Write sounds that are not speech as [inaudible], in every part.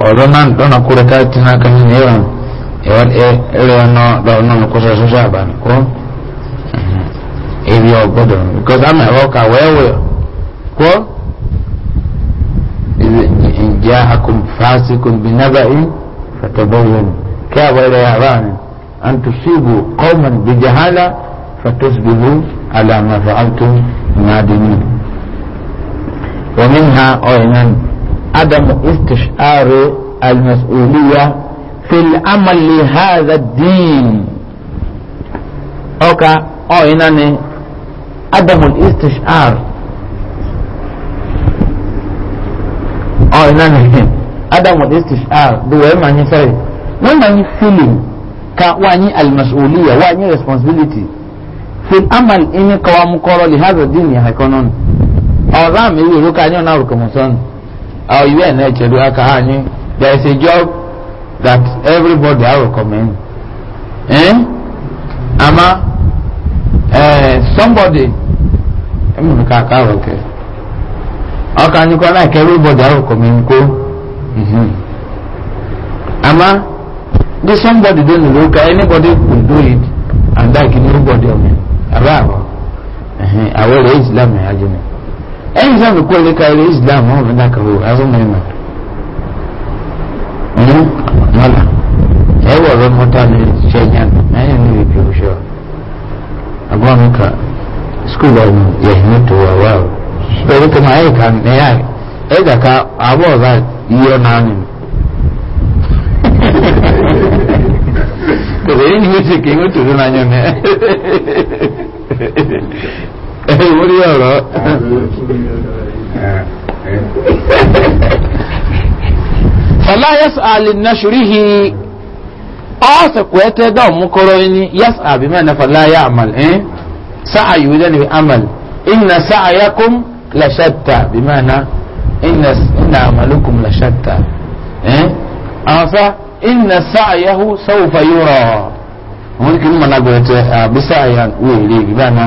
ọdún náà kúrẹ káàtì náà kan ní ìran ẹ̀rọ náà kó sọ sọ́sọ́ àbáni kó èyí ọgbọ́dọ̀ because àmì ẹ̀rọ kà wẹ́wẹ́ kó ìjà akùn fásikùn bí nábà yìí fàtàbọ̀wọ̀n kí àwọn ẹ̀rọ yàrá ya an antusibu qauman bi fatusbihu ala ma fa'altum nadimin wa minha عدم استشعار المسؤولية في العمل لهذا الدين أوكا أو إنني عدم الاستشعار أو إنني عدم الاستشعار دو ما نسوي وما نفيلم كواني المسؤولية واني responsibility في العمل إني كوامكورو لهذا الدين يا هيكونون أو رامي يقولوا كأني أنا أركمسون our UN HLU Akahani, there is a job that everybody I recommend. Eh? Ama, uh, somebody, I'm not Kakaro, okay. Ọkà ní kọ́ láìka everybody I recommend kó. Mhm. Ama, this somebody don know look anybody will do it and that can nobody of me. Àbá àbọ̀. Àwọn èrè Islam ẹ̀ ajé mi ẹ̀yìn sáà kó lè ka ilé islam wọn fi dáka wò azọ́mọ̀rin náà ọ̀hún mọ́là ẹ wọ̀ ọ̀rọ̀ mọ́tà ní ṣẹ́yìn náà ẹ̀yìn ní ibi òṣù àgbọ̀n mi ka skul ọ̀hún yẹ̀yìn ní tòwà wà o lórí kọ́mọ ẹ̀yìn kan ẹ̀yà ẹ̀dà ka àbọ̀ ọ̀gá yíyọ náà nínú. kòtò yìí ni mo ti kì í mo tòun náà yẹn mẹ́ ẹ̀yìn orí ọ̀rọ̀ fala yas'a lin nashrihi asa kwete da mu koroni yas'a bi ma'ana fala ya'mal eh sa'a yudan bi amal inna sa'yakum la shatta bi ma'ana inna inna amalukum la shatta eh asa inna sa'yahu sawfa yura mun kin mana gote ah, bi sa'yan wuri bi ma'ana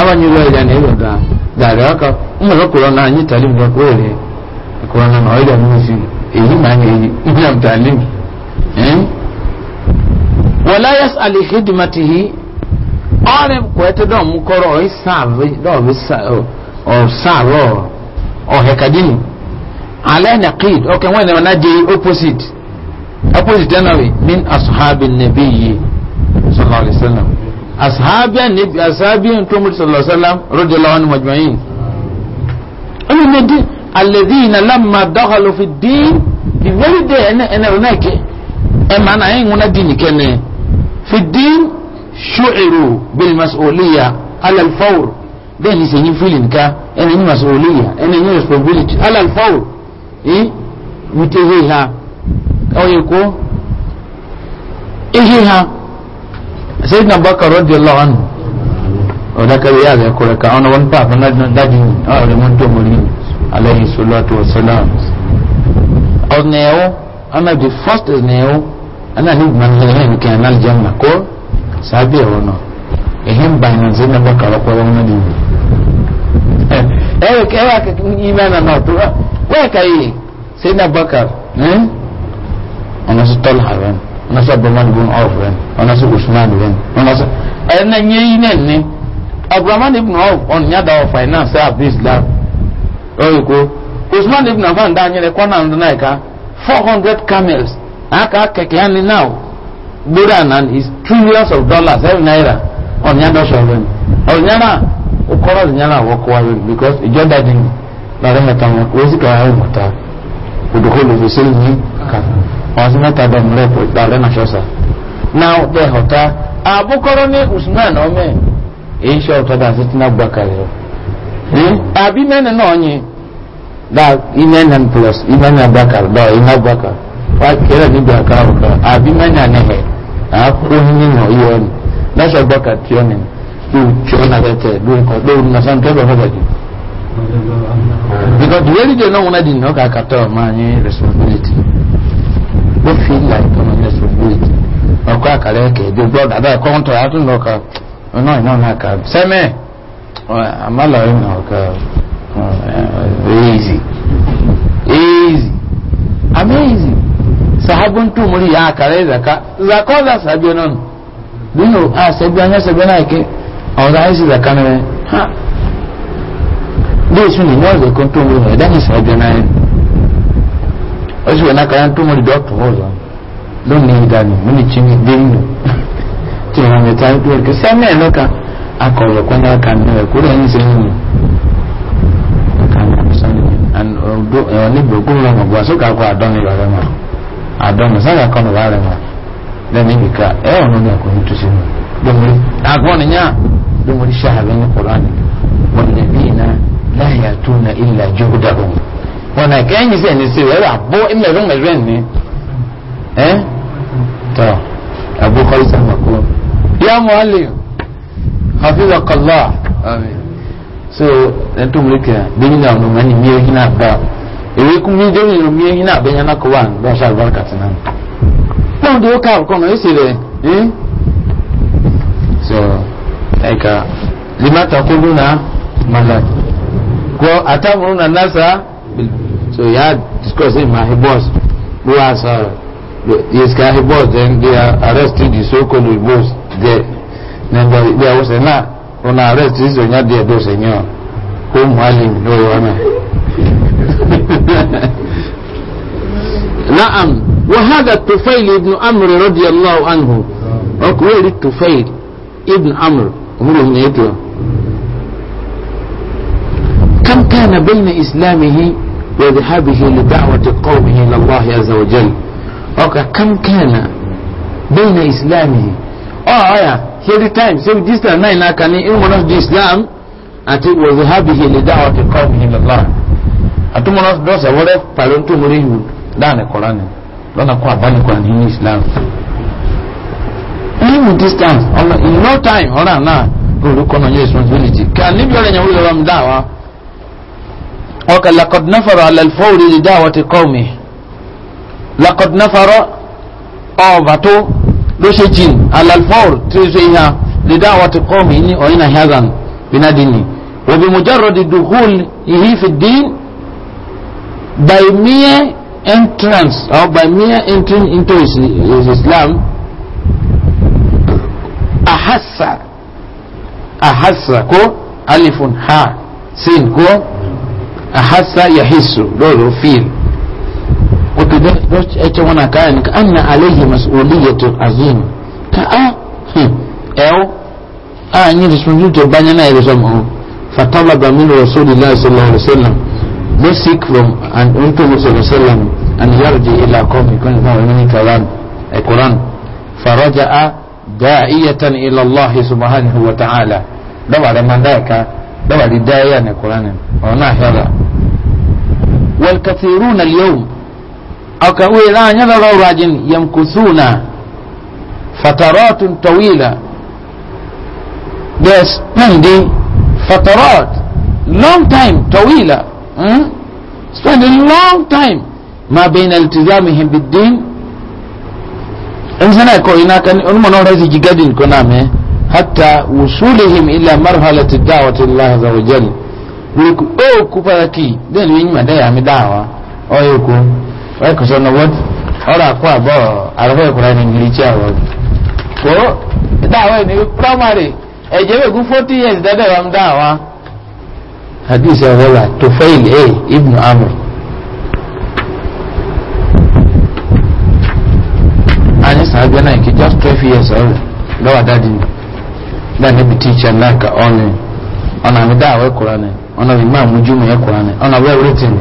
abanyiru ẹja na ebe da dàrí ọkọ mmiri kúrọ náà anyi talim lọ kúrò rẹ na náà ọyọ dàbí oṣù èyí máa ń èyí talim. wọlé yẹs àlìhí dìmátìhí ọrẹ kọ ẹtọ dọ kọrọ ọyí sáàbì dọọbi sáàbì ọhẹkadìní alẹ́ nàkìd ọkẹ wọn ni wọn náà jẹ opposite opposite ẹnna rẹ min asuhabi asahabiya nabi asahabiyan tó mọ̀tí sallallahu alaihi wasallam rọ́jọ́ lawan majmain ẹni ní dín alẹ́dínà lámà dọ́kàlù fi dín the very day ẹni ẹni rẹ̀ náà kẹ́ ẹ máa náà ẹ̀yìn wọn dín nìkẹ́ ni fi dín ṣùcìrù bíi masoliya alalfawr bẹ́ẹ̀ ni sẹ́yìn fílìn ká ẹni ní masoliya ẹni ní responsibility alalfawr ẹ̀ wíte híha ọ̀yẹ̀kọ́ sayyidina bakar radiyallahu anhu ọ̀dàkàrí yà rẹ̀ kọ̀rẹ̀ ká ọ̀nà wọn pàápàá náà dájú ní ọ̀rẹ́ wọn tó mọ̀rí aláyhi sọlọ́tù wasalam ọ̀nà ẹ̀wọ̀ ọ̀nà the first ọ̀nà ẹ̀wọ̀ ọ̀nà ní ìgbìmọ̀ nílẹ̀ náà nìkan náà jẹ́ ọ̀nà kọ́ sábẹ́ ẹ̀wọ̀ náà èyí ń bàyìí náà sayyidina bakar ọ̀pọ̀lọ́ wọn dì ẹ̀rẹ̀ kẹwàá kẹkẹ́ ní ìmọ̀ náà tó wá wẹ́ẹ̀ka yìí sayyidina bakar hmm? ọ̀nà sí tọ́lá àrẹ́nu nasa abdulrahman ibn auf rẹ ọ̀nà sí usman rẹ ọ̀nà sí. ẹ̀yẹ́ náà nyẹ́ yín náà ibn auf ọ̀nà yàda ọ̀ finance àbí islam ọ̀yẹ̀kọ́ usman ibn affan dá nyẹ́rẹ̀ kọ́nà ọ̀dún náà ká four hundred camels aka kẹ̀kẹ́ yẹn ní now gbódà náà is trillions of dollars every naira ọ̀nà yàda ọ̀sọ̀ rẹ ọ̀nà yàrá ọkọ̀rọ̀ ọ̀nà yàrá wọ́kọ̀ wáyé because ìjọ dájú ní lọ́rẹ́ mẹ́ta wọn kò sí kàwé mọ̀ta òdòkó lòdì sí ní kàfẹ́. ọ̀sán tàbí ọmọlẹ́ ìpò ìpàlẹ́ nàṣọ́sà náà dẹ̀ ọ̀tá àbúkọ́rọ́ ní usman ọmọ èyí ṣe ọ̀tọ́dà sí tí náà gbàkàlẹ̀ rẹ̀ àbí mẹ́rin náà yẹn dá imẹ́rin plus imẹ́rin gbàkàlẹ̀ dá iná gbàkàlẹ̀ wá kẹrẹ ní gbàkàlẹ̀ ọ̀kà àbí mẹ́rin because the responsibility ló fi ìlà ìtọ́nà ní ṣògbó ìtì ọkọ̀ àkàrẹ́ ẹ̀kẹ́ ìjọ gbọ́dọ̀ àbá ẹ̀kọ́ ń tọ́ ya tó ń lọ́ka náà iná náà kà sẹ́mẹ̀ àmàlàyé náà kà eh, easy easy amazing sahabun tu muri ya àkàrẹ́ zaka zaka ọ̀la sàbí ọ̀nà nù nínú àṣẹbí ọ̀nyá sẹ́bí náà ké ọ̀la ẹ̀sì zaka náà ha bí èsùn ni wọ́n zẹ̀kọ́ tó ń lò ẹ̀dá ní sàbí ọ̀nà yẹn ọsùn wọn náà tó mọ̀ lọ́dọ̀ tó wọ́n lónìí ìdánù mú ní chimi dénú tí wọn mẹ tá a tó ẹkẹ sẹmẹ ẹ lọkà akọrọ kọ náà kàn náà ẹkọ rẹ ń sẹ ń wù ẹwọn níbi òkú rẹ mọ bọ sókà kọ àdánù ìwà rẹ mọ àdánù sáyà kọ nìwà rẹ mọ lẹni nìka ẹ ọ̀nà ní ẹkọ yìí tó sí mu lomori àgbọn nìyà lomori sàhàbẹ ní kọrọ àná wọn nàbí iná láyà tó na ilà jókòdà wọn àìkẹ́ ẹ̀yìn sí ẹ̀ní sí ẹ̀rọ àbó ẹ̀mẹ̀rún mẹ̀rún ni ẹ̀ tọ́ àbó kọ́lísà màkó yá mọ́ àlè hafiza kọ́lá so ẹ̀ tó múlẹ̀ kẹ́ bẹ́yìn náà ọ̀nà mẹ́ni mi ẹ̀yìn náà bá èrè kún mi dé ìrò mi ẹ̀yìn náà bẹ́yìn náà kọ́ wà ní bọ́ṣà àlùbáríkà tì náà náà dé ó ká àkọ́ náà èsì rẹ̀ ẹ̀ so ẹ̀ka lè má takó lónà màlá gbọ́ àtàwọn náà náà sáà So we had discussing Mahibos, who are uh, his Kahibos, then they are arresting the so-called Ibos there. Then they they was saying na, on arrest, this is on your dear, those senor, whom Halim, no one. نعم وهذا الطفيل ابن عمرو رضي الله عنه أقول الطفيل ابن عمرو عمره من كم كان بين إسلامه وذهابه لدعوة قومه إلى الله عز وجل أوكا كم كان بين إسلامه أو آية here time so this time nine كان إن منافق الإسلام أتي وذهابه لدعوة قومه إلى الله أتو منافق دوسا ولا فلنتو مريه دانا قرآن لنا قوى بني قرآن هنا إسلام even distance in no time ọ̀rọ̀ àná lórúkọ náà yẹ responsibility kí a níbi ọ̀rẹ́ yẹn wọ́n lọ́wọ́ mi dáwàá ọkà lakọd nafara alalfawri lè dá àwọn ti kọ́ mi lakọd nafara ọba tó ló ṣe jìn alalfawri tí ó ṣe ìhà lè dá àwọn ti kọ́ mi ní ọ̀yìn náà mujarrad dùkúl yìí fi dín by mere entrance or by mere entering into his, his islam ahassa ahassa ko alifun ha sin ko ahasa yahisu lolo feel ita wana kaya ni anna alaihi mas'uliyatu azim ka a ẹ̀wọ́ a yi responsibility ọba yẹn náà yẹ sọ mọ́ fatala bamin rasulillah sallallahu alaihi wa sallam from an unto musulun sallam and yarji ila kofi kan kan wani kalan ekoran faraja a da'iyatan ila allah subhanahu wa ta'ala dawa da man da ka بعد للداية يعني قرآن وما هذا والكثيرون اليوم أو كأوي لا ينظر راجل يمكثون فترات طويلة they are spending فترات long time طويلة hmm? spending long time ما بين التزامهم بالدين إنسان يقول هناك انما من أرزي جيجادين كنامه hatta wusulihim ila marhalati da'wati Allah azza wa jalla we ku o ku para ki den we nyima da ya mi dawa o ye ku o ko so no what ora ko abo arabo ko ra ni ngiri cha wa ko dawa ni primary e je we ku 40 years da da wa dawa hadith ya wala tufail a eh, ibn amr ani sahabe na ki just 12 years old lọ́wọ́ dáadé ni dan hebi teacher naka onye ọ na amịda awa ekwurane ọ na imam mujumu ekwurane ọ na wa everything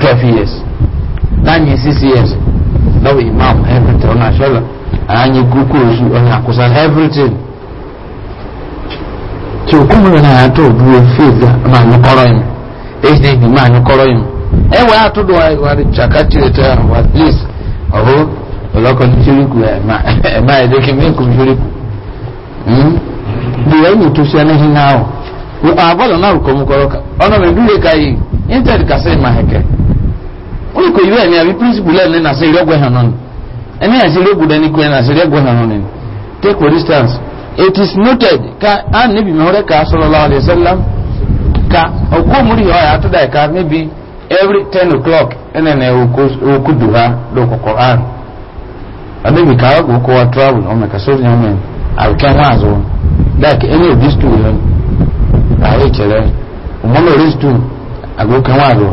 12 years danyi years na imam everything anyị onye everything na ma anyụkọrọ ya ezi ebi ma anyụkọrọ ya enwe atụdụ anyị dìrẹ́ yìí tó ṣe ẹni náà o àbọ̀lọ̀ náà kò mú kọ́rọ́ ọ̀nà mẹ́dúró ka yìí intanet kàṣẹ́ ìmọ̀ àhẹ́kẹ́ ó lè kọ ìwé ẹ̀mí àbí píríncípù lẹ́nu ní nàṣẹ́ ìrẹ́gbẹ́ hàn náà ẹni àṣẹ take for instance it is noted ka a níbi mẹ́wọ́rẹ́ ka sọlọ́lá ọ̀dẹ̀ sẹ́lá ka ọkọ̀ múri ọ̀yà ka maybe every ten o'clock ẹ̀nà ẹ̀ òkú dùn ha lókọ̀kọ̀ àrùn ọ̀dẹ́bì ka travel like any of these two you know i hate it one of these two ago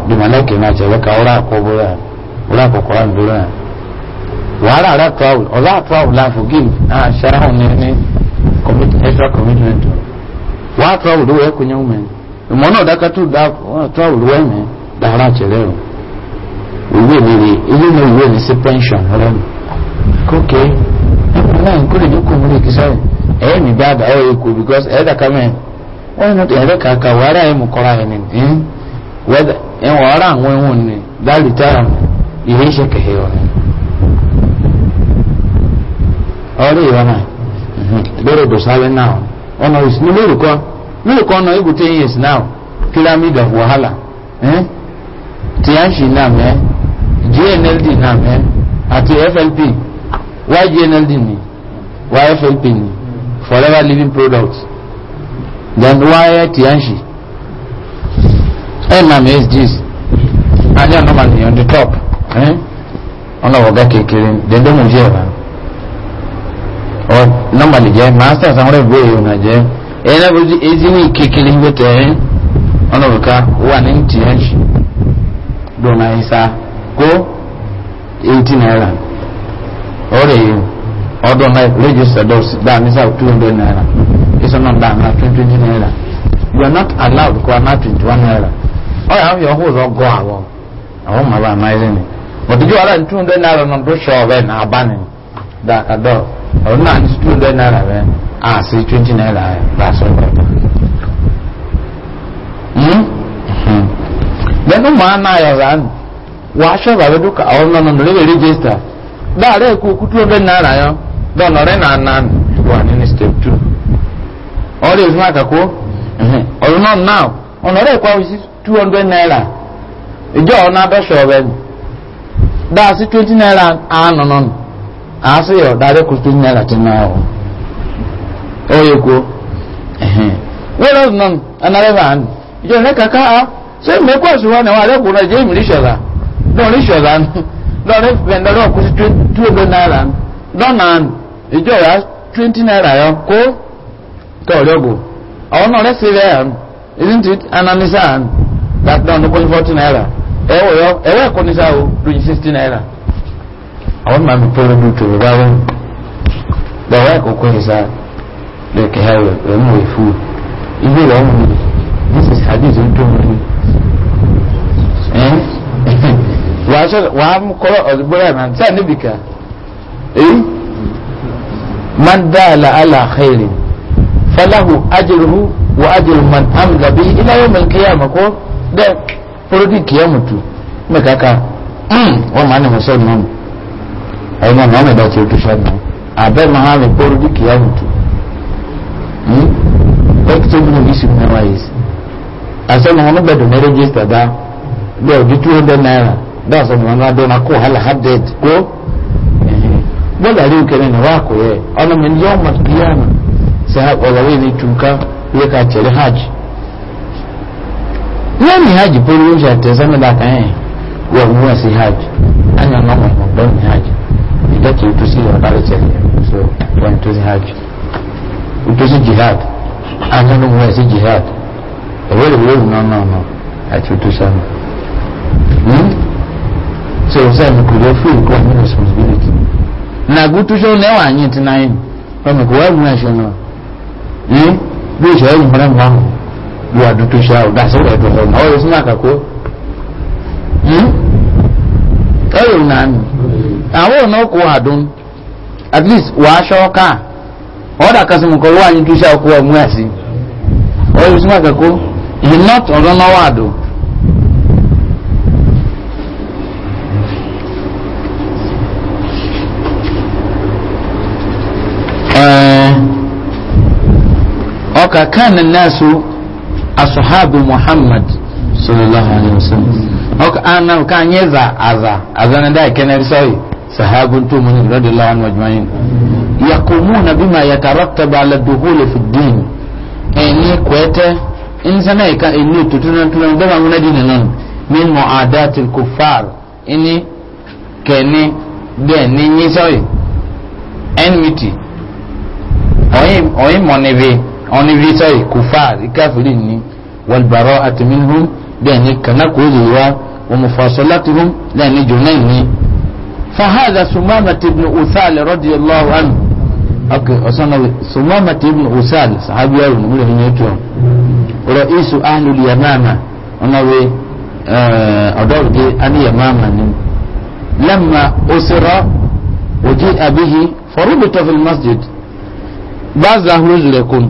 di manake na chere ka ora ko boya ora ko ko an boya wara ra travel ola travel la ah shara on ni commit extra commitment wa travel do e kunya umen mo no da ka tu da travel we me da ara chere o we we ni ile no we ni pension ora ko na ko le do ko mo ɛyɛ ni dada ɔyɛ ko because ɛda kama yɛ ɛyɛ no ɛdɛ kaka wɔara yɛ mu kɔra yɛ ni ɛn wɔda ɛn wɔara ahɔn ɛwɔ ni dali tara mu ihe hyɛ kɛhɛ wɔ ni ɔre yɛ wɔn a lórí ìdòsálẹ̀ náà ọ̀nà ìsinmi lórí kọ́ lórí kọ́ ọ̀nà ibùté yẹn sí náà pyramid of wahala ɛn tiyanshi náà mẹ́ gnld náà mẹ́ àti flp ygnld ni yflp ni forever living product then why tiyanshi ẹ nà mi sgs ajá ah, nọmba ni on the top ọlọ́wọ́gá kékeré dèndé mu jẹ́ ẹ̀rọ ọ nọmba ni jẹ́ masters àwọn ẹ̀bùrọ̀ yìí ọ̀nà jẹ́ ẹ̀yìn náà bójú ezi ní kékeré ń gbẹ̀tẹ̀ ẹ̀ ọlọ́wọ́ká wà ní tiyanshi dùn náà ìsà Go. eighteen naira ọ̀rẹ́ yìí. ọdún náà register those down is out 200 naira it's not na 20 naira you are not allowed to ana 21 naira O ọ̀rọ̀ àwọn yòókù rọ̀ go àwọ̀ àwọn ọmọ bá máa rí ni bọ̀dé jù ọ̀rọ̀ two 200 naira náà tó sọ ọ̀rẹ́ náà bá ní na ọ̀rọ̀ náà naira rẹ̀ à sí naira rẹ̀ bá sọ rẹ̀. lẹ́nu mọ́ náà register dọ́nà rẹ̀ na nà wà nínú step two ọ̀rẹ́ òfin àkàkọ́ ọ̀rọ̀ náà náà ọ̀nà rẹ̀ kọ́ sí two hundred naira ìjọ ọ̀nà abẹ́sọ̀ ọ̀bẹ ni dáa twenty naira àánú nọ́nù àá sì yọ̀ twenty naira ti náà ọ̀ ọ̀ yẹ kó wẹ́rẹ́ ọ̀nà a rẹ̀ bàánù ìjọ rẹ̀ kàkà á ṣé mẹ́kọ́ ìṣúwọ́n náà wà lẹ́kùnrin ẹ̀jẹ̀ ìmìlíṣọ̀lá lọ́ọ̀rí ìṣọ̀lá lọ́ọ̀rí bẹ̀ndọ́rọ̀ kó sí two hundred naira lọ́nà àánú. ìjọ ìyá twenty naira yọ kó tọ̀ọ̀dọ́gbò àwọn náà rẹ́sì rẹ̀ ẹ̀ isn't it anamisa and that down ló kọ́ ní forty naira ẹ̀wọ̀ yọ ẹ̀wọ̀ ẹ̀kọ́ ní sáà o lóyún sixty naira àwọn máa fi polo bí tòrò bá wọn lọ́wọ́ ẹ̀kọ́ kọ́ ní sáà lẹ́kẹ̀ ẹ̀ rẹ̀ mú ìfú ilé rẹ̀ mú this is hadith ń tó mú mi [laughs] wàá mú kọ́lọ́ ọ̀dùnbọ́lá ẹ̀ máa sáà níbìkà èyí. من دال على خير فله أجره وأجر من عمل به إلى يوم القيامة كو ده فرودي قيامته مكاكا وما أنا مسؤول نعم. أي ما نعمل ده تيوتو شادنا أبي ما هذا فرودي قيامته اكتب له اسم نوايس أسأل هنا بدو نرجيستا ده ده دي 200 ناira ده أسأل هنا دون أكو هل حدد كو bọ́dà rí òkèrè ní wá kò yẹ ọ̀nà mẹ́ni yọ́ mọ̀ bí yá nà sẹ́ ọ̀lọ́wé ní túnká yẹ ká tẹ̀lé hajj yẹ́ ní hajj pé ló ń ṣe àtẹ̀sẹ́ mẹ́ta kan yẹn wọ̀ mú ẹ̀ sí hajj ẹ̀yàn náà mọ̀ mọ̀ ní hajj ìjọ kì í tó sí ọ̀dà rẹ̀ tẹ̀lé so wọ́n tó sí hajj ó tó sí jihad ẹ̀yàn ló mú ẹ̀ sí jihad ẹ̀wọ́ lè wọ́n náà náà náà àti ó tó sánà so sẹ́ni kò lè fún ìkọ́ na gutu sho ne wa nyi tinayin ba mu kuwa mu sho no eh bi sho mu ran wa mu wa dutu sha da so ka na ni awo no ko at least wa sho ka o da mu ko wa nyi tu sha ko mu asi o ka ko not ọkà kánà náàsù asuhabu muhammad sallallahu alaihi wasallam ọkà anam ká nyẹ za aza aza na dáì kẹ́nẹ́ sọ́yì sahabu tó mu ní lọ́dọ̀ lọ́wọ́ ní ọjọ́ yìí yakumu na bí ma yakara taba ala duhule fi diin ẹni kwẹ́tẹ́ nsana yìí ká ẹni tuntun tuntun bẹ́ẹ̀ máa múná dín nínú mi mọ àdá ti kò fàr ẹni kẹ́ni bẹ́ẹ̀ ni nyí sọ́yì ẹnmìtì ọ̀yìn mọ̀ níbi oni visa yi kufar kafirin ni wal bara'atu minhum da ni kana ko zuwa wa mufasalatuhum da ni junayn ni fa hadha sumamah ibn usal radiyallahu anhu okay osana sumamah ibn usal sahabi yaro ni mun yake ra'isu ahli eh, yamama onawe ọdọọdẹ aniyamama ni lamma osira oji abihi forubitofil masjid baza hulul lekun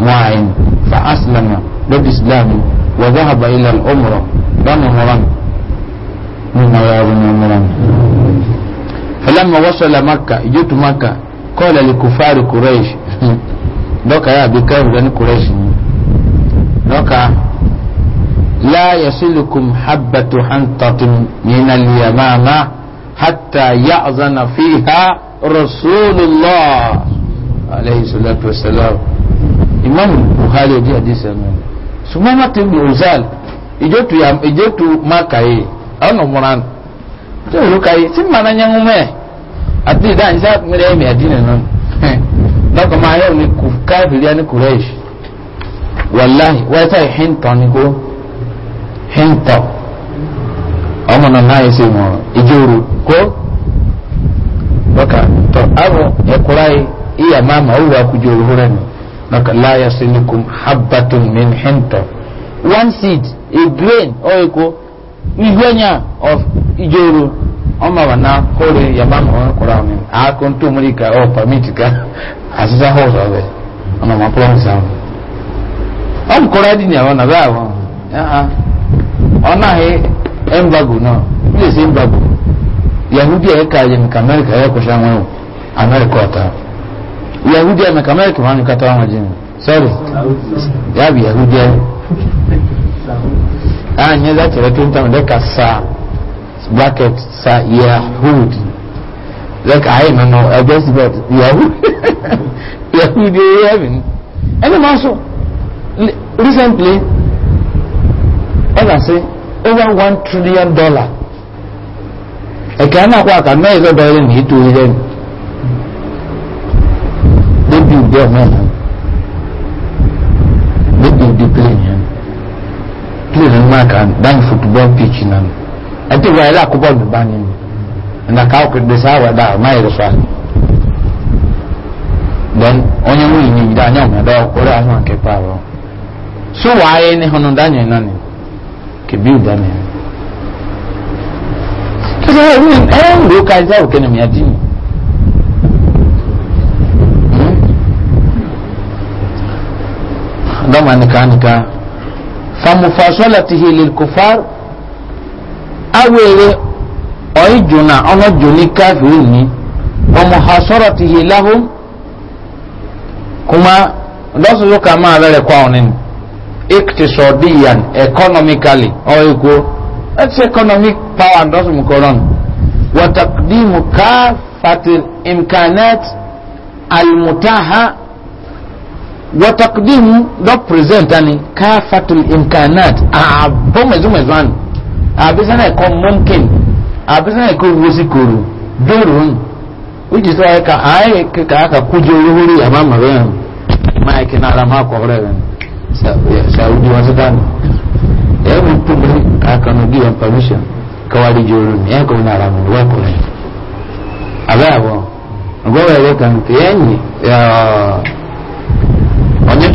واعن فأسلم لد وذهب إلى الأمرة بن مران مما يارون فلما وصل مكة جئت مكة قال لكفار قريش [laughs] دوكا يا بكار لأن قريش دوكا لا يصلكم حبة حنطة من اليمامة حتى يأذن فيها رسول الله عليه الصلاة والسلام ìmáàmù buhari ojú àdísẹ́ nù ṣùgbọ́n má ti gbò ozal tu má kàyé ọ̀nà mọ́ran tí òru kàyé tí mmanà nyẹ́ngu mẹ́ àti ìdá àyíṣẹ́ àpẹẹrẹ ẹ̀mí àdínà nù lọ́kọ̀ máa yẹ́ òní kù káàbìrì kùrẹ́ṣ wàláhì wáyé sáyé hìntọ́ ni kó hìntọ́ ọmọ náà náà yẹ sè mọ́ ìjọ òru kó lọ́kà tọ́ àbọ̀ ẹ̀kúráyé ìyá ma ó wà kújọ òru rẹ̀ maka láyà silicon habbatun min hinta one seed a grain or eko ihuenya of ijoro ọmọ wa na kórè yamama wọn kóra mi àákó tó múri ka ọ pàmìtì ká àṣìṣe hóòsù ọbẹ ọmọ ma promise àwọn ọmọ kóra di ni àwọn nàbẹ àwọn ọ̀nà ahẹ́ embargo náà ilé ṣe embargo yahudi ẹ̀ka yẹn kà amẹ́ríkà ẹ̀ kọ́ṣẹ́ àwọn ẹ̀wọ̀ amẹ́ríkà ọ̀tá. Yahudi amekamilika kwani kataa majina. Sorry. Yabi Yahudi. Ah, nyeza kile kintu ndeka saa bracket saa Yahudi. Like I don't know, I just got Yahudi. [laughs] Yahudi heaven. And also recently and I say over one trillion dollar. Ekana kwa kama hizo dola ni 2 trillion ìdí ọ̀nà ọ̀nà ìdí plane yẹn plane ní máa kàn dáhùn football pitch náà ẹtí ìwà ẹ̀rọ àkóbọ̀lù bá nínú ẹ̀nàká òkèdè sáwà dá ọ̀má ẹ̀rọ fa then onye nwunye ní ìdá anyá ọ̀nà dá ọkọ̀ rẹ̀ anyá kẹpa rọ so wà á yẹ ní hànú dáhùn ẹ̀ náà ni kèbí ìdá ni ẹ̀ ẹ̀ ń ro káyíṣà òkè nìyẹn dín dama nika nika famufasolatihi lilkufar awere ọ̀ìjùnà ọ̀nàjùní káfíìn ni wamuhasoratihi lahum kuma lọ́sọ̀tún ká máa rẹ̀ kọ́ ọ̀nìn iktisodiyan economically ọ̀ẹ́kọ́ that's economic power and lọ́sọ̀tún kọ́rọ̀nù wàtàkùdìmù káfàtì imkanat almutaha وتقديم دو بريزنتاني كافة الإمكانات أبو مزو مزوان أبزنا يكون ممكن أبزنا يكون وسيكورو دورون which is why ka aye ka aka kuje wuri amma magana mai kina rama ko gore saudi wasu dan ya mu kuma aka no give permission ka wari jorun ya ko na rama wa ko ne abaya wo gowa ya kan tiyanyi ya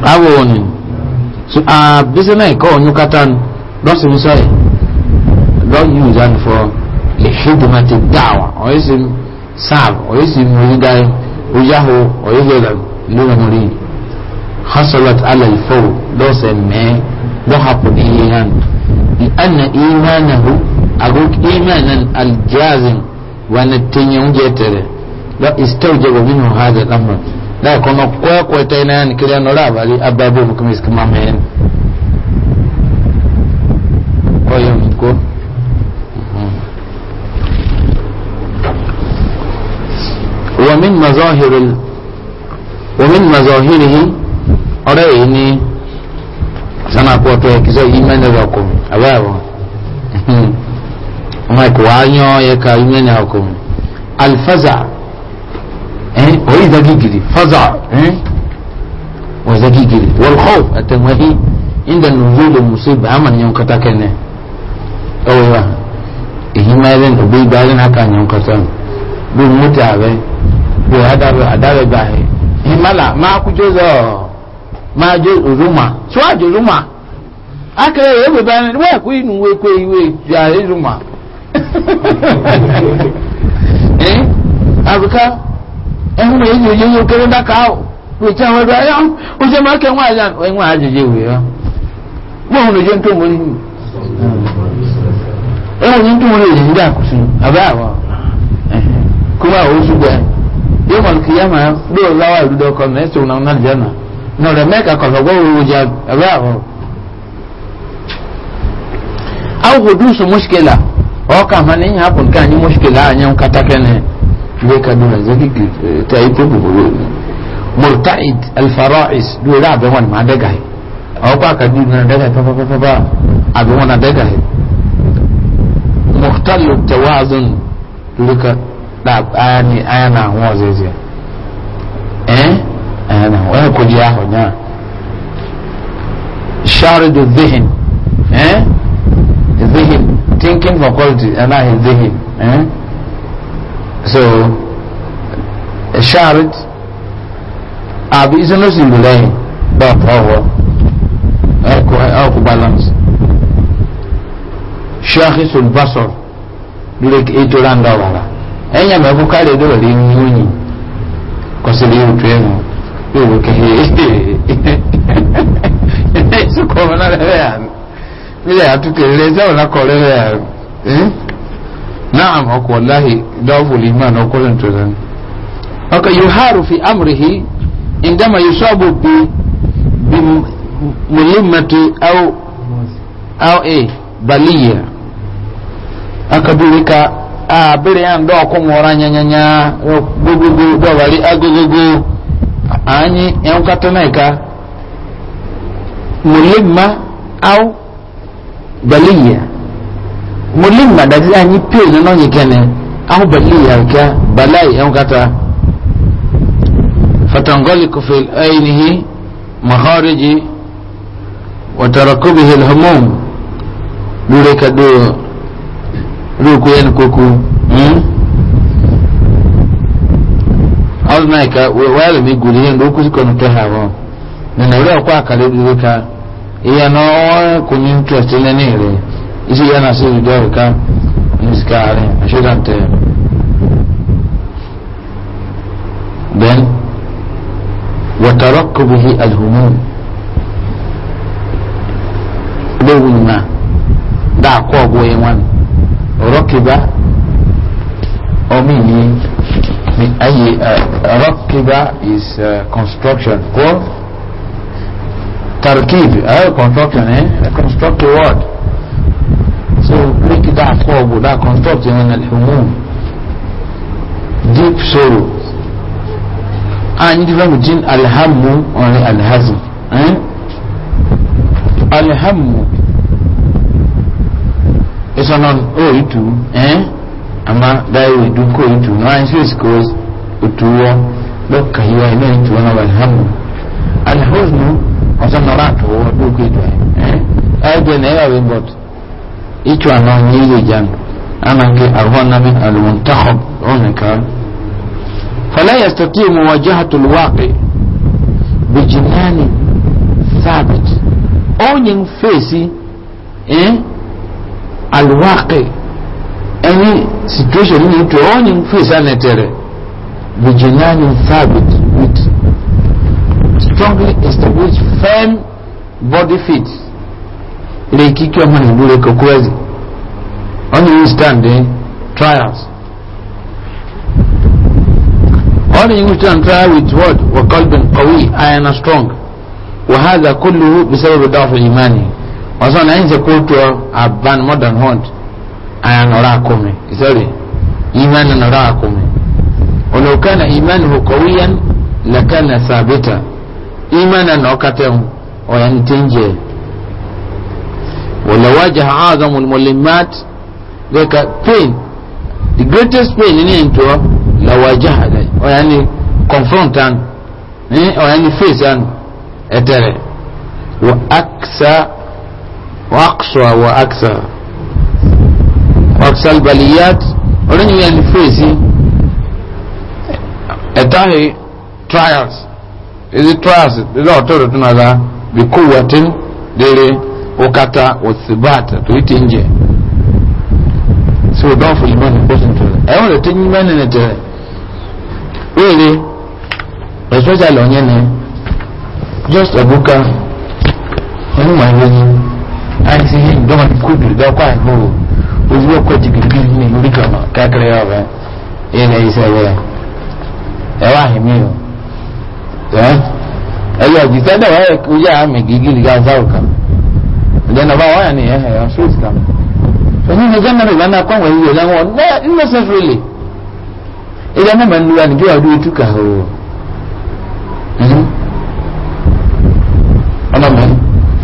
kawo wani so a ah, bisi na ikaw onyu katan don si misa yi don use and for le hidimati dawa oye si saab oye si muri gari ojaho oye hela lura muri hasalat alal fowl don se me don hapu ni iyan li anna imanahu agok imanan aljazim wani tinye unje tere don istaujabu minhu hada lamar da kono kwa kwa tena ni kile no la bali ababu mkumis kama men mm-hmm. kwa hiyo mko ومن مظاهر ال... ومن مظاهره أرأيني sana kuwa tu yakizo imene wakum ababu mm-hmm. umaiku wanyo yeka imene wakum alfaza oyi zagi gidi faza wa zagi gidi wal khawf atamwahi inda nuzul musiba aman yon kata kenne owa eyi ma ren obi ba ren haka yon kata bi muta be bi adabe adabe adara he himala ma ku jozo ma jo uruma so ajo uruma akere ewe ba ren wa ku inu we ku iwe ya uruma eh abuka ẹ̀hún èyí ò yẹ yóò kéré dáka ọ̀ wòtí àwọn ẹ̀dọ́ ẹ̀yà ó jẹ́ máa kẹ́ wọ́n àjà ẹ̀wọ̀n àjèjì òwe rẹ̀ wọ́n ò lè jẹ́ tó mórí yìí ẹ̀wọ̀n yìí tó mórí èyí ń dàkú sí abẹ́ àwọ̀ kó bá òun sùn bẹ́ẹ̀ yóò kàn kí yàmà bí ó láwà ìlú dọ́kọ náà ẹ̀sìn òun náà jẹ́ náà náà rẹ̀ mẹ́ka kọ̀sọ̀gbọ́ òwò jẹ́ abẹ́ àwọ̀ awò دوي كانوا زكي تايب بقولون مرتعد الفرائس دوي لا بهون ما دغاي او با كدي من دغاي ففا ففا ففا ابهون دغاي مختل التوازن دوي كا دا اني انا هو زيزي eh ana waya kuji aho nya sharidu dhihin eh dhihin thinking faculty ana dhihin eh so sharit àbí iṣẹ́ ló sì lò lẹ́yìn bá ọ̀pọ̀ ọkọ̀ balance ṣáàkì sọ̀rọ̀ lórí ètò ráńdà ọ̀rọ̀ ẹ̀yìn àmì ẹ̀kọ́ káàdì ẹ̀dọ́ rẹ̀ ní yóyìn kọ́sílẹ̀ yóò tó ẹ̀mù yóò wò kẹ́hẹ́ ẹ̀ẹ́dẹ́sùkọ̀ ọ̀nà rẹ̀ rẹ̀ àmì mílẹ̀ àtúkẹ̀ rẹ̀ sẹ́wọ̀n lákọ̀ rẹ̀ rẹ̀ àmì na'am hako wallahi dafu liman hako zan to zan haka yuharu fi amrihi indama yusabu bi bi mulimmati au au e baliya aka birika a bere yan do ko ngora nyanyanya gugugu do bali agugugu anyi en katanaika mulimma au baliya mulim ma dadi anyi ah, pay no no nyikene ahu bali ya balai ya kata fatangaliku fil ainihi mahariji wa tarakubihi al humum dure ka do ruku yan kuku hmm azna ka we wale mi guri hen ruku siko no teha wo na na ule kwa kale dure ka iya no kunyin tu asilene isi yana sai su dawo ka in suka hare a shirin ta then wata rakku bihi alhumun ɗogun na da kọ́ goyi wani rakki ba omi ni ayi eh, rakki ba is uh, construction ko tarkib uh, construction eh construct a word that sorrow that construct in al-humum deep sorrow and different between al-hammu and al-hazm eh? al-hammu is an oh itu eh ama dai we do ko itu no i say cause utuwo dokka hiwa ina itu na al-hammu al-huzn asanaratu wa do ko itu eh ai de ne ya we but each one on yeye jan ana ke arwana min al-muntakhab unaka fala yastati muwajahatu al-waqi bi jinani thabit onyin face eh al-waqi any situation ni to onyin face anetere bi jinani thabit with strongly established firm body fit ilé kíkí ọmọ ìlú rẹ kọkọ ẹzì wọn ni stand in trials wọn ni stand trial with word wa kalbin kawi ayana strong wa hadha kulluhu bisababi dafu imani wọn sọ na ẹyin sẹ kóòtù ọ aban modern hunt ayana ọrọ akọmi ìsọrí imani ọrọ akọmi ولو كان إيمانه قويا لكان ثابتا إيمانا أكتم وينتنجي wọ̀lọ́wájà àádọ́mù mọ̀lẹ́mát lẹ́ka pain the greatest pain ní ìtọ́ lọ́wájà àdá ọ̀yà ni confront an ní ọ̀yà ni face an ẹ̀tẹ̀rẹ̀ wọ́n aksa wọ́n aksa wọ́n aksa wọ́n aksa albaliyat ọ̀rẹ́ni yẹn ni face ẹ̀táhì trials èyí trials lọ́ọ̀tọ̀ rẹ̀ tún náà la bí kò wọ́n ti ń dèrè okata wasibata tuwiti nje si udonfu imani kusuntu ẹwọn lè tẹ imani nà tẹ wéèrè ẹsọjà lọnyẹ nà just abuka ọmọ màá yẹ ni àyè sí yẹn dọ́mọ ní kúndù dọ́kọ àìmọ́ o ojú ọkọ̀ jìgì bí ní orí gàmà káàkiri ọ̀rẹ́ ẹ̀ ẹ̀ ẹ̀ sẹ́yẹ ẹ̀ wá àyè mi o ẹ̀ ẹ̀ yọ jìtẹ́ na ba waya ne eh I'm sure it's coming so ni ne janna ne lana kon wani yo lanwa no innocent really ila na man duwa ni giwa du tuka ho ana me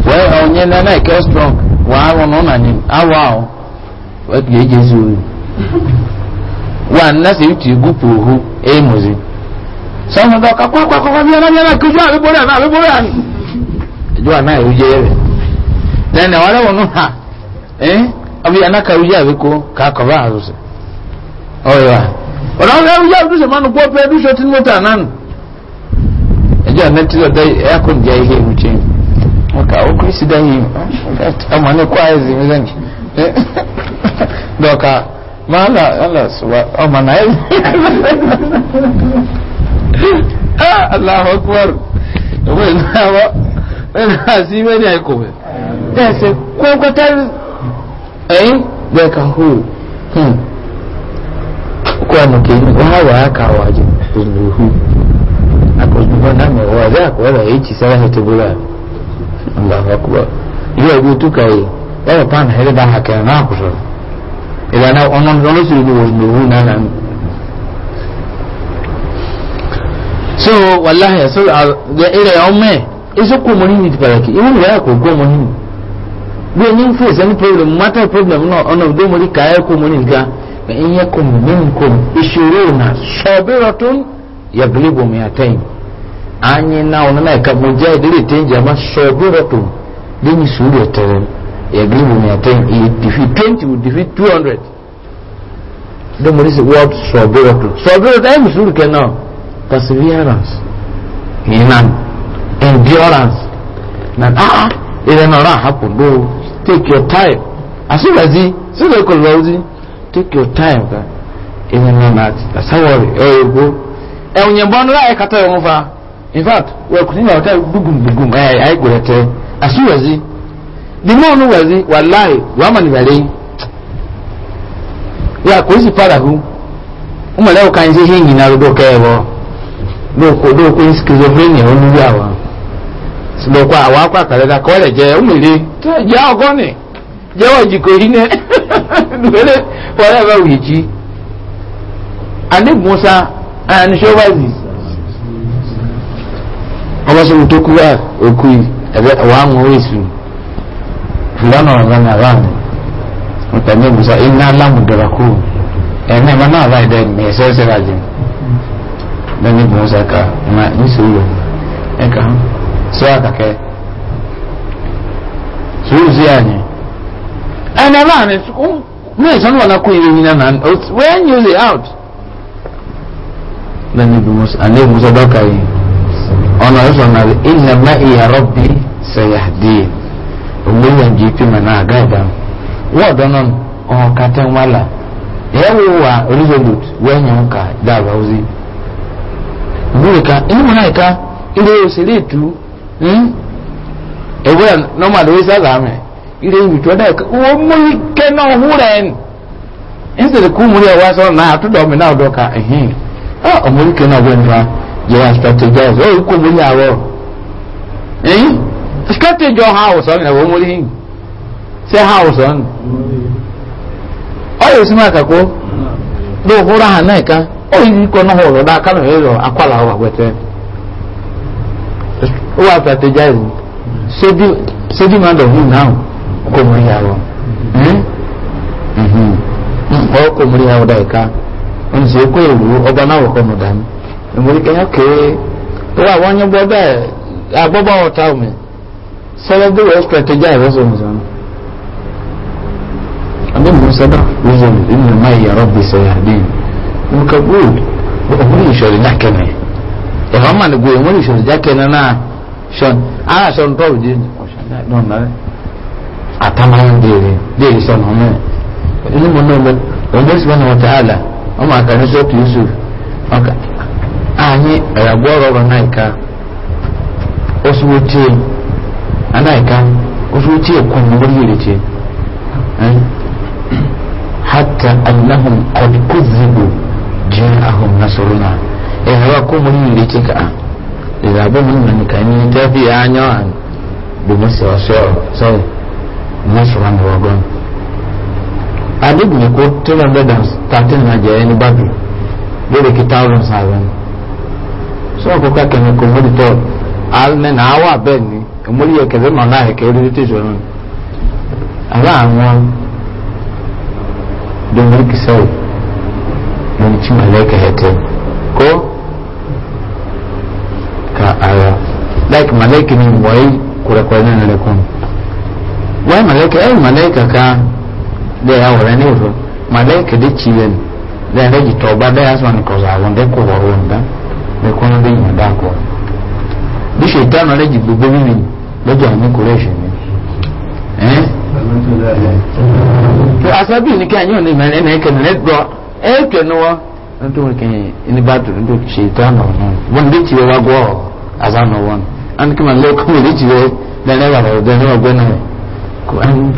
wa o nye na na ke strong wa awo no na ni awa o wa ti jesu wa na se ti gupo ho e mozi sọ́nà dọ́ka pápákọ̀ wọ́n bí ẹ̀rọ bí ẹ̀rọ kí ojú àbíbọ̀rẹ̀ àbíbọ̀rẹ̀ àjọ àná ìrújẹ́ then na wale wonu ha eh abi anaka uja biko ka ko ba azu oyo oh, ona ga uja du se manu ko pe du so tin mota nan eja na ti do dai e ko je ihe mu oka o ko si dai ama eh, ne kwa ezi mi zan eh? [laughs] doka mala ala suwa o mana e eh. ah [laughs] allah akbar wena wa wena si mwenye ay tẹ̀sí kókó tẹ́lú ẹ̀yìn bẹ́ẹ̀ka hóòlù hmm. kó ọmọ kìíní wọ́n á wà á kà wà jù ònùhù àkójúbọ́ náà mi wọ́n ọ̀dẹ́ àkọ́rọ̀ èyí ti sẹ́yà ètò búra ọ̀gá ọkọ̀ ilé ẹgbẹ́ so wàláhẹ̀ so ilẹ̀ ọmọ ẹ̀ iṣẹ́ kó mọ́ nínú ìdìbàràkì ìwọ̀n ìyá àkọ́gbọ́ mọ́ nínú wey nin face any problem matter problem náà ọ̀nà òdo mo rí kàáyé kó mo ní ga ẹ̀yẹ kò mí ní nǹkan ìṣòro náà sọ̀bẹ̀rọ̀ tó ń yàgbélé bòmí àtẹ̀yìn anyi na wọn náà ẹ̀ka mo jẹ́ ìdílé tẹ́ ń jẹ́ àmọ́ sọ̀bẹ̀rọ̀ tó lẹ́yìn sùúrù ẹ̀tẹ̀rẹ̀ yàgbélé bòmí àtẹ̀yìn èyí dìfí twenty will dìfí two hundred ló mo rí sí word sọ̀bẹ̀rọ̀ tó sọ̀bẹ̀rọ̀ tó ẹ̀mí sùúrù endurance na ah ìrẹ́nà ọ̀rọ̀ take your time asibazi sílẹ̀ kò lọ sí take your time ka èmi náà náà ti àsáwọ̀rì ẹ̀ ògbó ẹ̀wọ̀n yẹn bọ́n láyé kátà ẹ̀wọ̀n fa in fact wọ́n kò nígbà wọ́tá gbùgbùgbùm ẹ̀ àìgbò rẹ̀ tẹ́ asibazi the more no wazi wàláì wàá mọ̀ nìbàlẹ̀ wà kò sì padà hu wọ́n mọ̀ lẹ́wọ̀ ká ń ṣe ṣé ìyìn náà lọ́dọ̀ kẹ́ ẹ̀ wọ́ lóko lóko schizophrenia ó nílé àwọn. sìlọ́kọ́ àwọn akọ́ àkàrẹ́dà kọ́ rẹ̀ jẹ́ òmìnirí tó jẹ́ ọgọ́nì jẹ́wọ́ ìjìkò yìí ní forever wichi you musa and showazi ọmọ sọ wọn tó kú wá òkú yìí ẹ̀bẹ̀ wàá mú orí sùn fúlànà ọ̀gá ní àbá mi wọn tẹ̀ ní na iná lámùdọ̀rọ̀ kú náà ẹ̀sẹ̀ ẹ̀sẹ̀ ká ẹ̀ma ní ẹ̀ka so akake so uzi anyị ana ne so ne so na ko yin na na when you lay out then you must and you must doka yi ona so na inna ma ya rabbi sayahdi umu ya jipi mana agada wo donon o katen wala ewu wa resolute wenye nka dawa uzi Mbulika, inu mwanaika, ile ewúrẹ nọmọ àdó wíṣẹ àzàmẹ ilé ìwìtú ọdẹ ẹkọ owó mú ike náà húrẹ ẹnsẹ̀lẹ̀ kú múlẹ̀ wá sọ̀rọ̀ náà àtúndọ̀ mi náà dọ̀ka ẹ̀hìn ọ ọmọ ike náà bẹ́ẹ̀ ni wa yẹ wa strategize ó kú múlẹ̀ àwọ̀ ẹ̀yìn strategy ọ̀hún àwòsàn ni ẹ̀wọ̀n múlẹ̀ yìí sẹ́ ha àwòsàn ọ yóò sì maka kàkó lóòhùrọ̀ àná ẹ̀ka ó yìí kọ́ náà ọ̀rọ̀ akwara ó wà strategize ṣé demand of him now kò mú ìyàwó ọ kò mú ìyàwó dà ìka ó ní sèé kó èrò ọba náà wọ̀ kọ́ mọ̀ dání ìmúrí kẹ́yìn kéé ó wà wọ́n yẹn gbọ́ bẹ́ẹ̀ agbọ́bọ́ ọ̀tá omi celebrate your strategize ọ̀sọ̀ nìyẹn abin musa da wuzon inda mai ya rabbi sayadin muka good ba a wurin shari'a kenan ẹ̀họ́ mà na gbòòrò wọ́n lè ṣòro jákè na ṣọ́n ara ṣọ́n tọ́rọ̀ dé ọ̀ṣọ́n náà náà náà àtàmáyé dèrè dèrè sọ̀nà ọmọ ẹ̀ inú mọ̀ náà ọmọ ìsìnkú náà wọ́n tààlà ọmọ àkàní naika yusuf ọkà ààyè ẹ̀yàgbọ́ rọ̀rọ̀ náà ìka oṣù tiẹ̀ anáìka oṣù tiẹ̀ kún ní orí hata ehawa ko muri yiri cika a zabu mun man kani tafi anyo an dumu so so so musu ran wogon adigun ko 213 na je ni babu lórí kí thousand seven so ko ka kene ko muri to alne na awa be ni muri e keze ma na e ke ri ti so nun ara àwọn do muri ki so mo ti maleka hete ko aya like malaika ni wai kura kwa nan le kun wai malaika ai eh, malaika ka da ya wala ne wato malaika da ciwen da rage toba da ya so ne ko za wanda ko waro wanda da kuma bin ya da ko bi shaytan rage gugu mini da jami'in kureshi ne eh to asabi ni kan yon ni mane ne kan ne do e to no nto ke ni eh, batu nto shaytan no wanda ciwa go as I know one. And come and look who reach there, they never know, they never go nowhere. And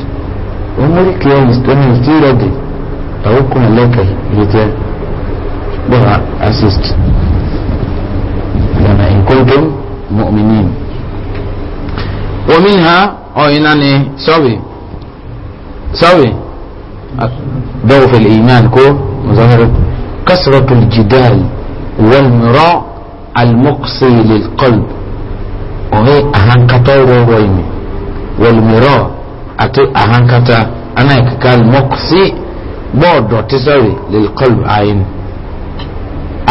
when we clear is when he's still ready, I will come and look at it there. assist. Then in kuntum mu'minin. ومنها أو إنني سوي سوي ضعف الإيمان كو مظاهرة كسرة الجدال والمراء المقصي للقلب وهي أهانكتا ورويني والمراء أتي أهانكتا أنا مقصي بودو تسوي للقلب عين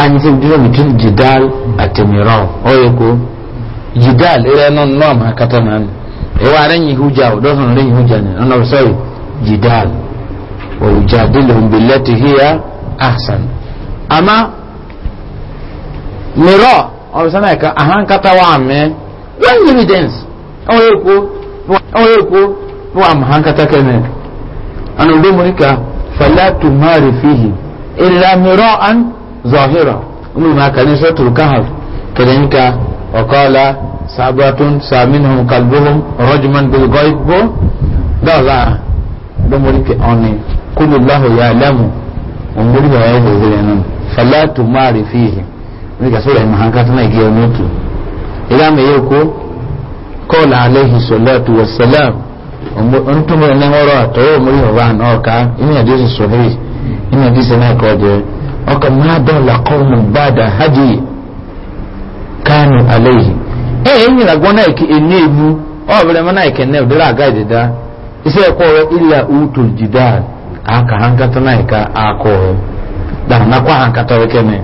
أنت بدون مثل جدال أتمراء أويكو جدال إلى نون نوم هكذا نان إيوا رني هوجا ودوسن رني هوجا أنا سوي جدال ويجادلهم بالتي هي أحسن أما mirror ọ̀rọ̀sán náà ẹ̀ka àhánkátá wà mẹ́ where is evidence ọ̀rọ̀ èkó ọ̀rọ̀ èkó fún àmàhánkátá kẹ́nẹ̀ àwọn ọdún mọ́ríkà fàlátù máa rè fìhì ìlà mirror and zahira ọmọ ìmọ̀ akẹ́ni sọ́tù káhàf kẹ́lẹ́ńkà ọ̀kọ́ọ̀lá sábàtún sàmínú kalbóhùn rọ́jùmọ́n gbogbo ìgbó dọ́ọ̀lá ọdún mọ́ríkà ọ̀nì kúlù láhùn yà lẹ́mù ọmọ mọ́ríkà ẹ̀ fàlátù máa rè fìhì nígbà sọ́rọ̀ ẹ̀mọ̀ hankásánà igi ọmọ òtù ìlàmì yóò kó kọ́ọ̀lá aléhì sọ́lọ́tù wọ̀sẹ̀lẹ̀m ọ̀ntúnmọ̀ ní ọ̀rọ̀ àtọ́wọ́ mórí ọ̀rọ̀ àná ọ̀ká inú ẹ̀dí oṣù sọ̀hí inú ẹ̀dí sẹ́ náà ndị jẹ́ ọkọ̀ máa dọ̀là kọ́ọ̀mù bàdà hajj kánú aléhì ẹ̀ ẹ̀yìn ìràgbọ́n náà kì í ní ebu ọ̀bẹ̀rẹ̀ mọ́ náà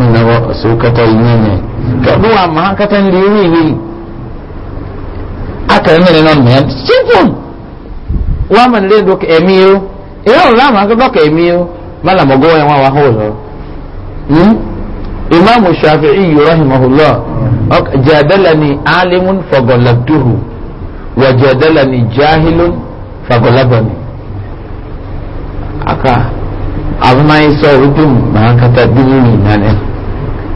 wannan wa su kata yi ne ka duwa ma haka ta ne yi ne aka yi mene non men simple wa man le do ka emiyo e o la ma do ka emiyo mala mo go yan wa ho so hmm imam shafi'i rahimahullah jadalani alimun fagolabtuhu wa jadalani jahilun fagolabani aka abu ma sa rubin ma haka ta dubu na ne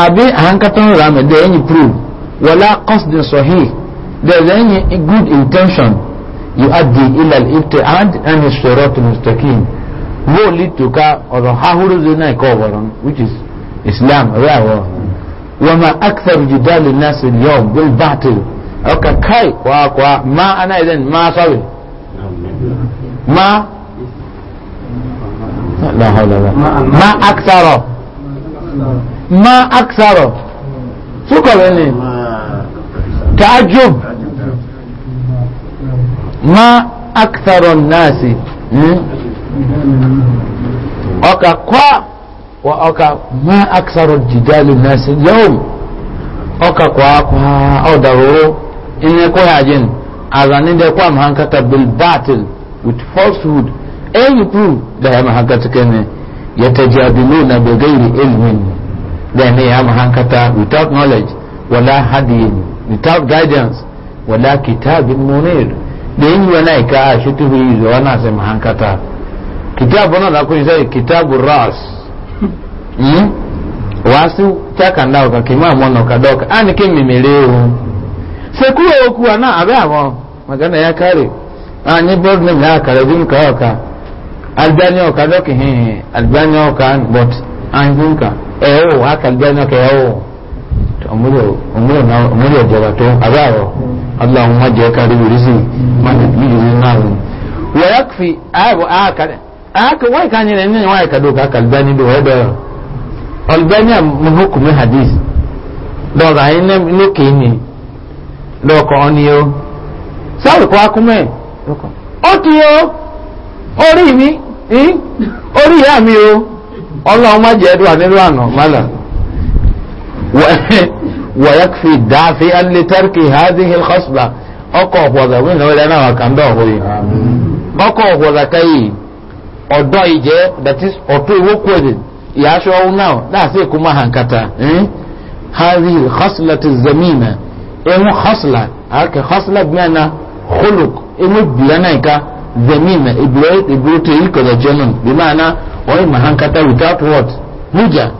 àbí àhánkátán ràmì dẹ̀ ẹ̀yìn prove wọlá qasdin sahih dẹ̀ ẹ̀yìn good intention yóò adì ilẹ̀ ìtẹ̀ àhánkátán sọ̀rọ̀ tó mustaqim wọ́n lè tó ká ọ̀rọ̀ hahoro zai náà kọ́ ọ̀rọ̀ which is islam ọ̀rẹ́ àwọ̀ wọ́n máa akthar jidali nasi yom bil batil ọkà kai kwa kwa ma anáyẹ̀dẹ̀ ma sọ̀rọ̀ ma ma aktharo. ma aksaro sukọrọ ni taajub ma aksaro nasi ọka kwa wa ọka ma aksaro jidali nasi yawon ọka kwa kwa ọdaroro inye kwayajin azanin da kwa mahankata bil batil with falsehood any proof da ya mahankata kene yatajabiluna bi ghairi ilmin then they have hankata without knowledge wala hadiyin without guidance wala kitabin munir da yin wani aika a shi tuhu yi zuwa na sai hankata kitabu na da kun sai kitabu ras hmm? wasu takan da ka kima mono ka doka an kin mi mere o sai ku o ku na abe awon magana ya kare an yi board ne ya kare din ka ka albania ka doka hin albania ka but an yinka ẹ̀wọ̀ haka aljanna ka yawo ọmọdé ọjọba tó agbáwọ̀ allahun majẹ́ kárí orísì mìírí náà wọ́n yá fi ààbọ̀ aka wáyé kan yẹn ní wáyé kadó ka kalbani do wọ́n bẹ̀rẹ̀ albani a mo hukumi hadith dọ́ọ̀dọ̀ ayé ní kéènì lọ́ọ̀kọ́ ọ́ ni ó sáwùrù kọ́ akúmọ̀ ẹ̀ ó ti yó orí mi orí ìyá mi o ọlọ́run má jẹ́ ẹ̀dùn ànílò àná mọ́nà wọ̀yẹ́kì dáàfin alẹ́tẹ́rìkì hàzíhìn kọ́sùlà ọkọ̀ ọ̀pọ̀dà wíńdà wọlé náà wà kàn dọ̀ ọ̀hún yìí ọkọ̀ ọ̀pọ̀dà káyì ọ̀dọ́ ìjẹ́ that is ọ̀tọ́ ìwó kwèrè ìyáṣọ ọ̀hún náà láàṣẹ èkó máa hàn kàtà hàzíhìn kọ́sùlà ti zamina ẹ̀hún kọ́sùlà àkẹ́ kọ́sùlà gbẹ́nà ẹ̀hún bìlẹ̀ náà ìka zamina ìbìlẹ̀ or in mahankata without what hujja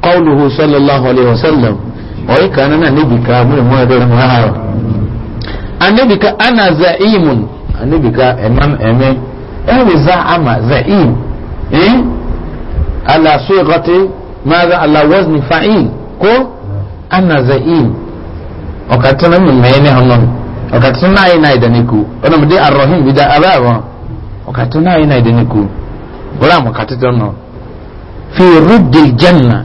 qawluhu sallallahu alaihi wasallam or in kana na nabi ka mu mu da mu ha annabi ka ana za'imun annabi ka imam eme eh za'ama za'im eh ala sighati ماذا على وزن فعيل كو أنا زئيم وكاتنا من ميني هنم وكاتنا أين أيدنكو أنا مدي الرحيم إذا أبابا وكاتنا أين أيدنكو bọ́lá àwọn kàtí tó nọ fi rúdì jẹ́nà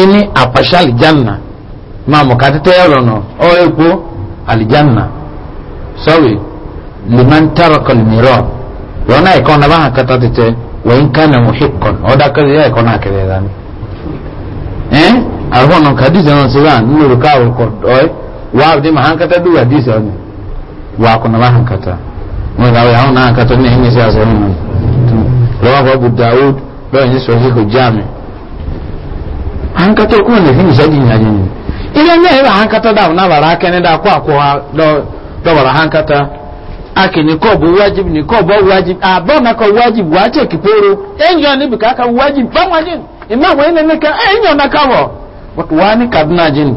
ẹni àpàṣà àlìjánà máa mọ̀ kàtí tó yọrọ nọ ọ epo àlìjánà sọ́wì liman taraka mìíràn wọn náà ẹ̀kọ́ náà bá hàn kàtà tètè wọ́n ń kánà mọ̀ hìkọ̀n ọ̀dà kẹrì yá ẹ̀kọ́ náà kẹrì rà ní. ẹ́ àrùn ọ̀nà kàdí ìṣẹ́ náà síra nínú òrùka àwòkọ̀ ọ̀ẹ́ wàá àbúdé mà hàn kàtà dùwà dì ìṣẹ́ ọ̀nà wàá kọ̀ náà bá hàn kàtà wọn làwọn yàrá náà hàn kàtà ní ẹ̀yìn sí rawahu abu Daoud bẹ́ẹ̀ ní sọ̀híhù jáàmì hankatọ́ kúrò lè fi ìṣẹ́jì ìyàjì ni ilé ní ẹ̀rọ hankatọ́ dáa náà bàrá akẹ́ni dáa kó àkó ha lọ́wọ́ra hankatọ́ akì ní kọ́ọ̀bù wájib ní kọ́ọ̀bù wájib àbọ̀nàkọ̀ wájib wà á tẹ̀ kí péré ẹ̀yàn níbi káka wájib báwọn ìmọ̀ àwọn ẹ̀yàn nìkan ẹ̀yàn náà kọ̀ wá ní kaduna jìn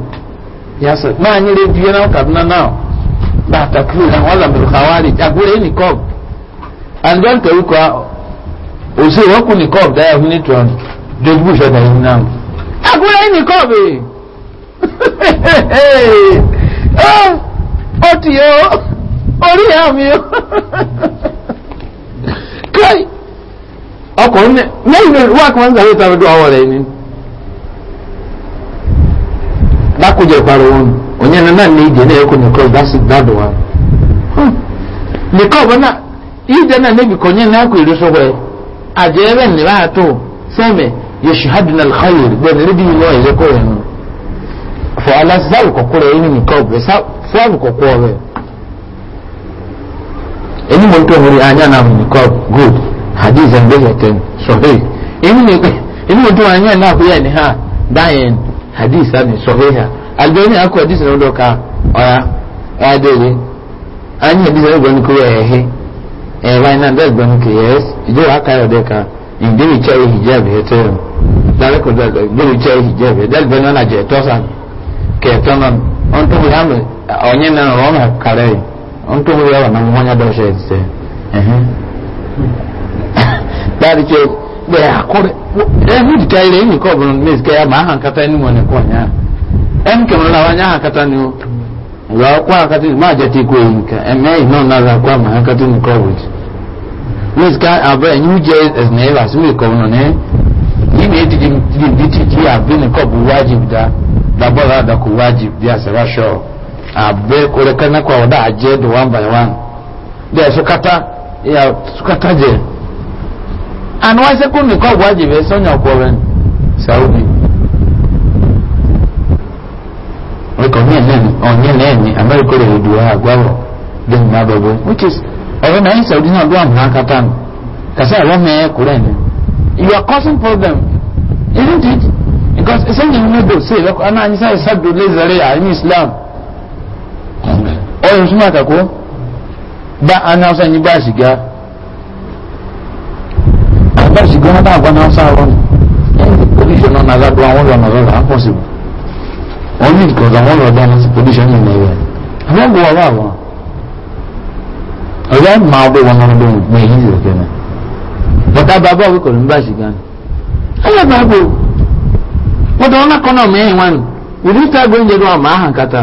yasọ̀ náà ní rédíò náà kaduna náà bàtà kúrò náà wọ́n làmìlú kàwárì òsè wọ́n kú ní kọ́ọ̀bù dáyà fún nítron george bush ọ̀dà yìí náà akúrẹ́ ní kọ́ọ̀bù ó ti yẹ orí àmì ó [laughs] kai ọkọ̀ ní lẹ́yìn wà kí wọ́n ń sàrẹ́ ìtàwé ọwọ́ rẹ̀ ni dákújẹ ìparí wọn ònyẹn náà ní ìjẹ náà ẹkọ ní kọ́ọ̀bù dá sí wa ní kọ́ọ̀bù náà ìjẹ náà níbi kọ̀ọ̀nyẹn náà kò ìrísọ́wọ́ ẹ̀ àjẹ́rẹ́ ní bá tó sẹ́mẹ̀ yẹ̀ṣù hadùn alkhayir gbẹ̀rẹ̀ rí bí iná ìyẹ́kọ̀ rẹ̀ nù fọ aláṣẹ́sáàlù kọ̀kọ́ rẹ̀ yìí nìkan ọ̀bẹ̀ sáàlù kọ̀kọ́ rẹ̀ ẹni mọ̀ tó wọlé anya náà mú nìkan good hadith ẹ̀ gbẹ̀yẹ̀ tẹ̀ sọ̀hẹ́ ẹni mọ̀ tó wọlé anya náà fúyẹ̀ ní ha dáyẹn hadith ẹ̀ sọ̀hẹ́ ha albẹ́ni akọ̀ hadith ẹ̀ ọ̀dọ̀ ká ọ̀ya ẹ̀ adé rẹ̀ anya hadith ẹ̀ gbẹ̀ni ẹ̀wá iná bẹ́ẹ̀ gbọ́n kì í ẹ́s ìjọba akáyọ̀ dẹ́ka ìdíbi ìjẹ́ ìhìjẹ́b ẹ̀tọ́ ẹ̀rọ dáríkò dẹ́gbẹ́ ìdíbi ìjẹ́ ìhìjẹ́b ẹ̀dẹ́gbẹ́ náà nàjẹ́ ẹ̀tọ́ sàn kẹ̀tọ́ náà ọ̀n tó wúlò hàmì ọ̀nyẹ́ náà rọ̀ ọ̀nà kàrẹ́ yìí ọ̀n tó wúlò yàrá náà wọ́n yá dọ́ṣẹ́ ẹ̀sẹ̀ dárí ni this guy abẹ ẹni wújẹ ẹsìn ẹwà sílẹ kọ ọnà ní yìí ní ti di bi da dabọlá adakọ wájib di asẹba sọ abẹ kọrẹ kẹnẹkọ dị one by one dẹ sukata ya sukata je. and wọn sẹkùn ní kọ wájib ẹ sọnyà ọkọ saudi ọkọ ní onye na ọ ní ẹ ní amẹrikọ rẹ ìdúrà ọ̀rọ̀ náà ń sẹ̀wọ́dí náà lóhàn náà kàtà nù kàṣà ẹ̀rọ mẹ́ẹ̀ kúrẹ́ ni you are causing problem isn't it because sẹ́yìn ní odò sí ẹ̀rọ ọ̀nà àyíṣà ìṣàdùn lézẹ̀rẹ̀ àyín islam ọ̀rọ̀ súnmọ́ àtàkó bá anáwọ̀sá yín bá ṣìgá bá ṣìgá wọn dáàbọ̀ anáwọ̀sá wọn pollution náà nàgàdo àwọn lọ nàgàdo impossible wọn ní ìkọ̀ọ̀dọ̀ àwọn lọ dáná sí pollution yìí nàìjíríà àwọn gbọ́ wà wà wọn. ọ̀rẹ́ máa bó wọn lọ́nà lóhùn ní èyí ìlú kẹ́nà bọ̀dá bàbá òwe kò ní bá ṣì gan. ẹ̀yẹ bá bò wọ́n dán ọ̀nà kan náà mẹ́rin wọn ni ìta gbóúnjẹ ló wà máa hàn kàtà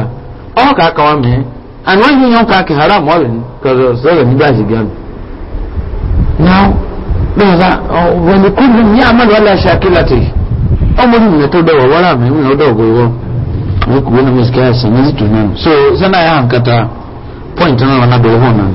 ọ̀hún kà kà wọ́n mẹ́rin àná wọ́n yíyan ká kì hàrà mọ́ rẹ̀ kọ̀rọ̀ sọ̀rọ̀ ní bá ṣì gan. náà bẹ́ẹ̀ bá wọ́n ní kúlù ní amadu akílàtì ọmọ dọ̀wọ̀ ọ̀dọ̀ kò ní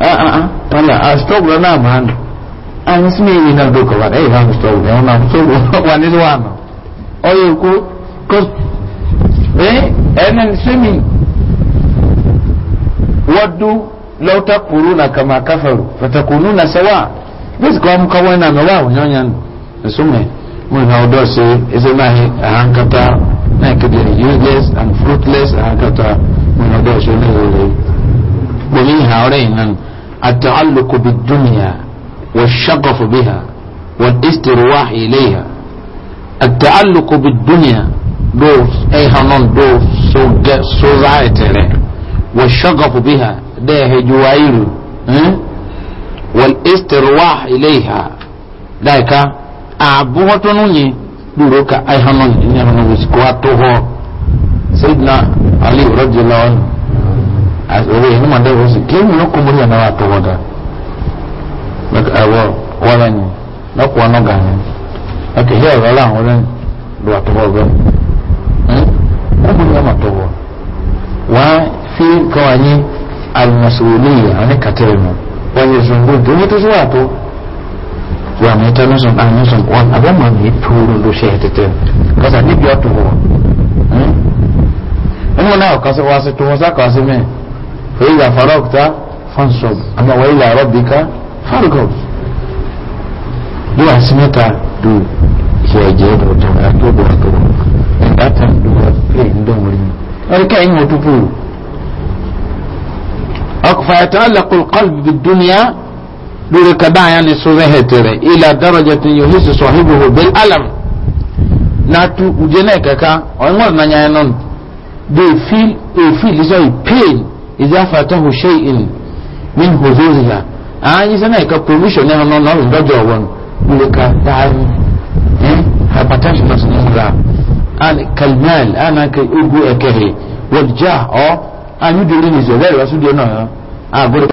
ah. ah, ah. tala a stop na man an isme ni na do ko wa dai ha stop na na so wa ni wa ma o yo ko ko eh enen simi waddu law takfuruna kama kafaru fatakununa sawa bis ko am ka wana na wa nyanyan sume mo na odo se ese na he ahankata na ke useless and fruitless ahankata mo na odo se ومنها علينا التعلق بالدنيا والشغف بها والاسترواح إليها التعلق بالدنيا دور أي هنون دور سوزايتر والشغف بها ده جوائل والاسترواح إليها ذلك أعبوه تنوني دوروك أيها هنون إنه نوزكوا توهو سيدنا علي رضي الله عنه orí inú màdá ìwé sí kí èmi ọkọ múlẹ̀ náà àtọwọ́dá ẹ̀wọ̀ wọ́lẹ̀ ni lọ́pọ̀ ọ̀nà gàní ẹ̀kẹ́ yẹ́ ẹ̀rọ láwọn ọ̀rẹ́ dua àtọwọ́ ọ̀gbẹ́ ọkọ múlẹ̀ náà àtọwọ́ wọ́n fi kọ́ wa ní alùmọ̀sowòlì àwọn kàtẹ́rì mu wọ́n yẹ sùn gbogbo ní tó sọ́wọ́ àtọ́ wà ní tẹ́lẹ̀sùn àníṣùn wọn àbẹ́mọ̀ ní tóóró ló ṣe ẹ̀tẹ̀tẹ̀ kọ́sà níbi ọ̀tọ̀ wọ̀ ẹ̀mú náà kọ́sẹ̀ wá sí tó wọ́n فإذا فرغت فانصب أما وإلى ربك فارغب دو حسنتا دو هي جيد وتنا دو دو دو داتا دو فين دو مرين أركا إنه تبو فيتعلق القلب بالدنيا دور كبا يعني سوزه ترى إلى درجة يحس صاحبه بالألم ناتو وجنك كا أمور نانيانون they feel they feel is a إذا فاته شيء من حظوظها أعني سنة كبروميشن نحن نحن ندجع ون ملكا دعم hypertension of Nura and Kalmal and Ugu Ekehe o jar or and you do this very well.